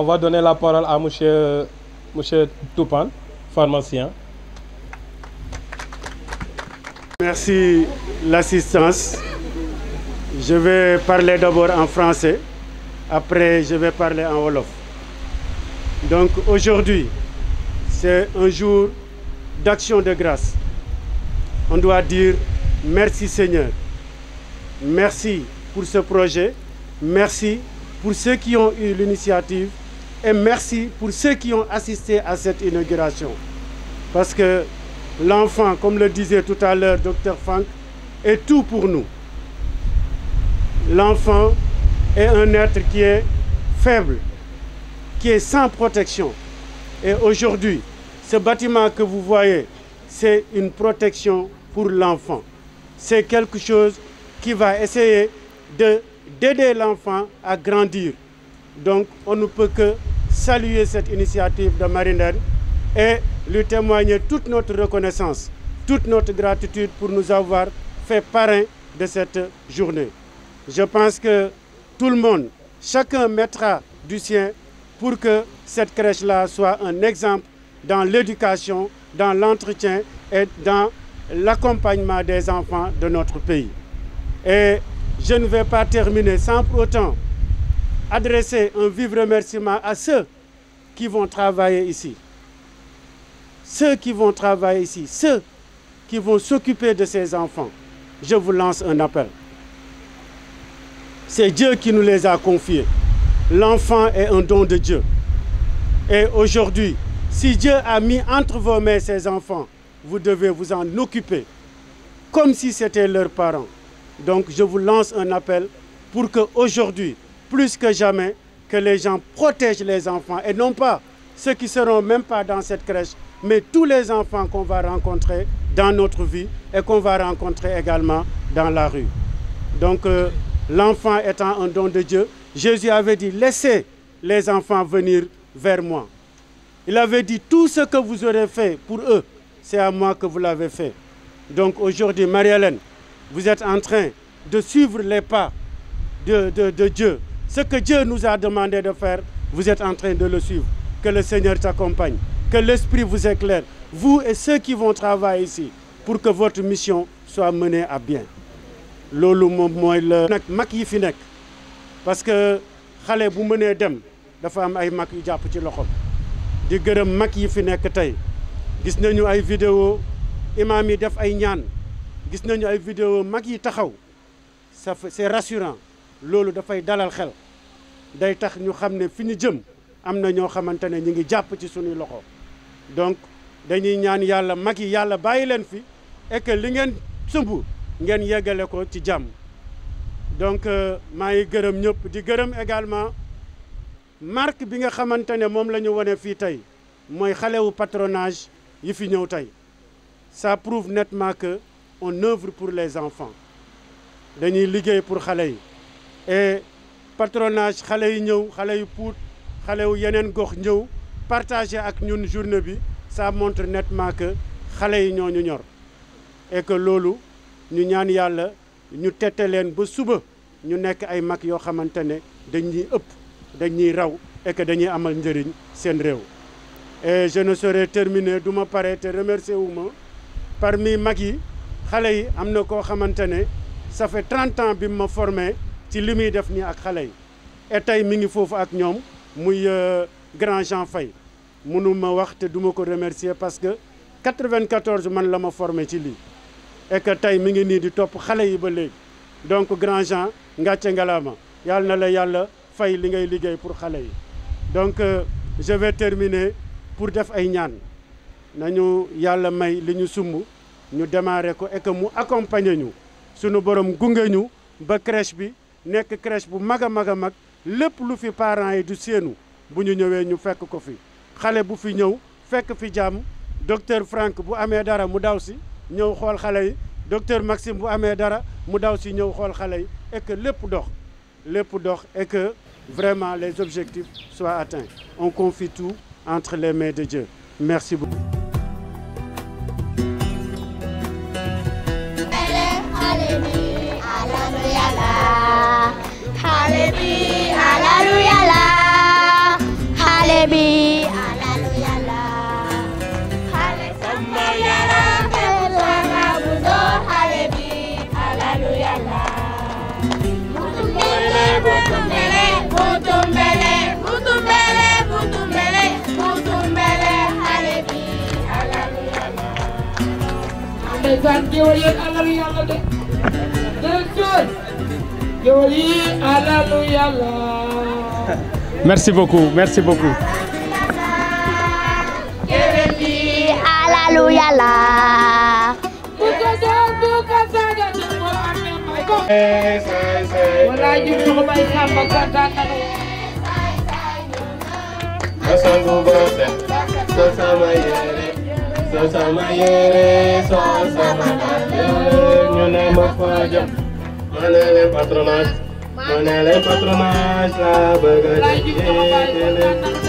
on va donner la parole à M. monsieur Toupan, pharmacien. Merci l'assistance. Je vais parler d'abord en français, après je vais parler en Wolof. Donc aujourd'hui, c'est un jour d'action de grâce. On doit dire merci Seigneur. Merci pour ce projet. Merci pour ceux qui ont eu l'initiative et merci pour ceux qui ont assisté à cette inauguration. Parce que l'enfant, comme le disait tout à l'heure Dr Frank, est tout pour nous. L'enfant est un être qui est faible, qui est sans protection. Et aujourd'hui, ce bâtiment que vous voyez, c'est une protection pour l'enfant. C'est quelque chose qui va essayer d'aider l'enfant à grandir. Donc, on ne peut que saluer cette initiative de Marindel et lui témoigner toute notre reconnaissance, toute notre gratitude pour nous avoir fait parrain de cette journée. Je pense que tout le monde, chacun mettra du sien pour que cette crèche-là soit un exemple dans l'éducation, dans l'entretien et dans l'accompagnement des enfants de notre pays. Et je ne vais pas terminer sans pour autant adresser un vif remerciement à ceux qui vont travailler ici. Ceux qui vont travailler ici, ceux qui vont s'occuper de ces enfants. Je vous lance un appel. C'est Dieu qui nous les a confiés. L'enfant est un don de Dieu. Et aujourd'hui, si Dieu a mis entre vos mains ces enfants, vous devez vous en occuper, comme si c'était leurs parents. Donc je vous lance un appel pour que aujourd'hui, plus que jamais que les gens protègent les enfants et non pas ceux qui seront même pas dans cette crèche, mais tous les enfants qu'on va rencontrer dans notre vie et qu'on va rencontrer également dans la rue. Donc euh, l'enfant étant un don de Dieu, Jésus avait dit, laissez les enfants venir vers moi. Il avait dit, tout ce que vous aurez fait pour eux, c'est à moi que vous l'avez fait. Donc aujourd'hui, Marie-Hélène, vous êtes en train de suivre les pas de Dieu ce que Dieu nous a demandé de faire, vous êtes en train de le suivre. Que le Seigneur t'accompagne, que l'Esprit vous éclaire, vous et ceux qui vont travailler ici, pour que votre mission soit menée à bien. Lolo moom mooy la. yi fi parce que xalé bu mënee dem dafa am ay mak yu japp ci faire di gërëm mak yi fi nek tay gis nañu ay vidéo imam yi def ay ñaan gis nañu ay vidéo mak yi taxaw ça c'est rassurant da fay dalal xel day tax ñu xamné fiñu jëm ngi ci loxo donc dañuy ñaan yalla mag yalla yàlla fi et que li ngeen ngeen ko ci donc euh, avons ngi ñëpp di également marque bi nga mom lañu wone fi patronage yi fi ñëw ça prouve nettement que on œuvre pour les enfants dañuy liggéey pour xalé et patronage xalé yu ñëw xalé yu xalé yu gox ak ñun journée bi ça montre nettement que xalé yi ñoñu ñor et que lolu ñu ñaan yalla ñu tété nous ba suba ñu nek ay mak yo xamantene dañuy ëpp dañuy raw et que dañuy amal ndëriñ seen et je ne serai terminé, duma paré remercier wu parmi mag yi xalé yi ça fait 30 ans bi ma formé ci li muy def nii ak xale yi et tey mi ngi foofu ak ñoom muy euh, grand Jean Faye mënu ma wax te du ko remercier parce que 94 man la ma formé ci lii et que tey mi ngi nii di topp xale yi ba léegi donc grand Jean ngàcce ngalaama yàlla na la yàlla fay li ngay liggéey pour xale yi donc euh, je vais terminer pour def ay ñaan nañu yàlla may li ñu sumb ñu démarrer ko et que mu accompagner ñu sunu borom gunge ñu ba crèche bi nek crèche bu maga maga mag parents yi du bu ñu ñëwé ñu fekk ko fi bu docteur Franck bu amé dara mu daw ñëw docteur Maxime bu et que et que vraiment les objectifs soient atteints on confie tout entre les mains de Dieu merci beaucoup ndeysaan géwél yéen alalu yàlla de directeur géwél yi alalu yàlla merci beaucoup merci beaucoup géwél yi alalu yàlla bu ko doon bu ko saaga di ko amee may ko wala ji ko may samba kontaan na sama yere so sama dalem ñu ne manele fa manele ma ne leen patronage la bëgg a